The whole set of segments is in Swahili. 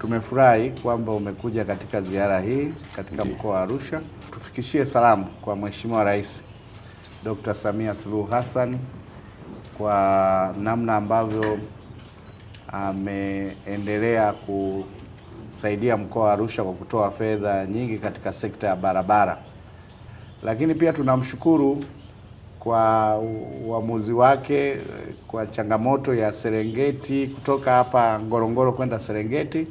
Tumefurahi kwamba umekuja katika ziara hii katika mkoa wa Arusha. Tufikishie salamu kwa Mheshimiwa Rais Dr. Samia Suluhu Hassan kwa namna ambavyo ameendelea kusaidia mkoa wa Arusha kwa kutoa fedha nyingi katika sekta ya barabara, lakini pia tunamshukuru kwa uamuzi wake kwa changamoto ya Serengeti kutoka hapa Ngorongoro kwenda Serengeti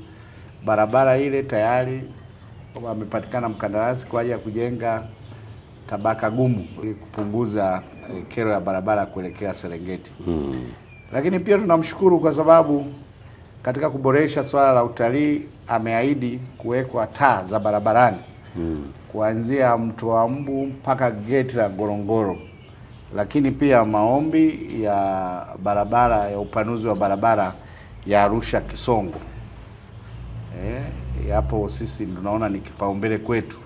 barabara ile tayari wamepatikana mkandarasi kwa ajili ya kujenga tabaka gumu ili kupunguza eh, kero ya barabara kuelekea Serengeti Hmm. Lakini pia tunamshukuru kwa sababu katika kuboresha swala la utalii ameahidi kuwekwa taa za barabarani hmm, kuanzia wa Mbu mpaka geti la Ngorongoro, lakini pia maombi ya barabara ya upanuzi wa barabara ya Arusha Kisongo eh, hapo sisi tunaona ni kipaumbele kwetu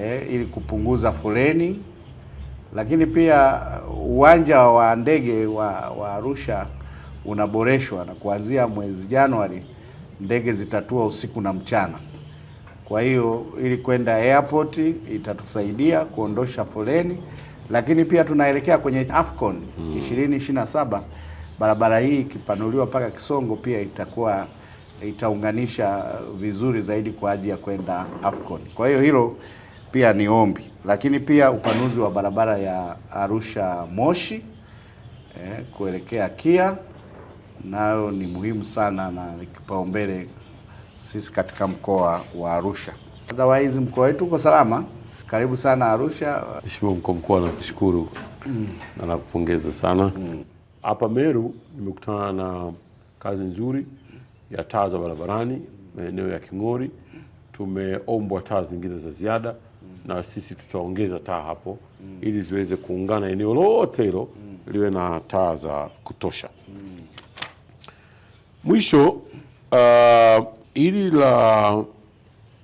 e, ili kupunguza foleni, lakini pia uwanja wa ndege wa, wa Arusha unaboreshwa na kuanzia mwezi Januari ndege zitatua usiku na mchana. Kwa hiyo ili kwenda airport itatusaidia kuondosha foleni, lakini pia tunaelekea kwenye Afcon 2027 hmm. Barabara hii ikipanuliwa mpaka Kisongo pia itakuwa itaunganisha vizuri zaidi kwa ajili ya kwenda Afcon. Kwa hiyo hilo pia ni ombi, lakini pia upanuzi wa barabara ya Arusha Moshi eh, kuelekea KIA nayo ni muhimu sana na kipaumbele sisi katika mkoa wa Arusha. Otherwise mkoa wetu uko salama. Karibu sana Arusha. Mheshimiwa mkuu wa mkoa, nakushukuru mm. na nakupongeza sana mm. hapa Meru nimekutana na kazi nzuri ya taa za barabarani maeneo ya King'ori. Tumeombwa taa zingine za ziada na sisi tutaongeza taa hapo mm. ili ziweze kuungana eneo lote hilo mm. liwe na taa za kutosha mm. Mwisho uh, ah, ili la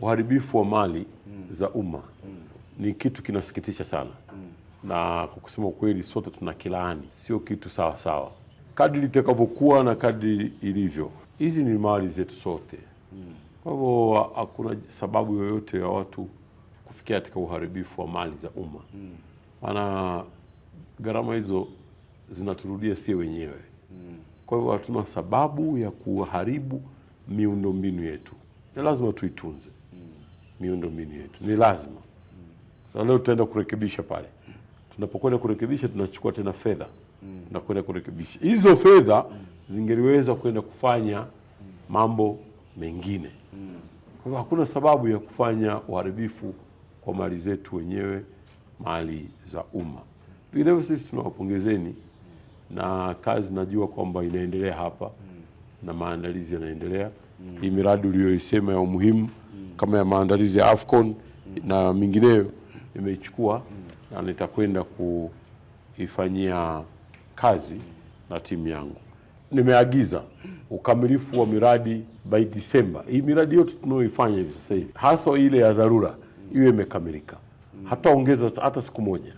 uharibifu wa mali mm. za umma mm. ni kitu kinasikitisha sana mm. na kwa kusema kweli sote tuna kilaani, sio kitu sawa sawa, kadri litakavyokuwa na kadri ilivyo hizi ni mali zetu sote mm. Kwa hivyo hakuna sababu yoyote ya watu kufikia katika uharibifu wa mali za umma maana gharama hizo zinaturudia sie wenyewe mm. Kwa hivyo hatuna sababu ya kuharibu miundombinu yetu, ni lazima tuitunze mm. miundombinu yetu ni lazima mm. Sasa leo tutaenda kurekebisha pale, tunapokwenda kurekebisha tunachukua tena fedha mm. na kwenda kurekebisha hizo fedha mm zingeliweza kwenda kufanya mambo mengine. Kwa hivyo hakuna sababu ya kufanya uharibifu kwa mali zetu wenyewe, mali za umma. Vinginevyo sisi tunawapongezeni, na kazi najua kwamba inaendelea hapa na maandalizi yanaendelea. Hii miradi uliyoisema ya umuhimu kama ya maandalizi ya Afcon na mingineyo imeichukua na nitakwenda kuifanyia kazi na timu yangu nimeagiza ukamilifu wa miradi by Disemba. Hii miradi yote tunayoifanya hivi sasa hivi, hasa ile ya dharura, iwe imekamilika, hataongeza hata siku moja.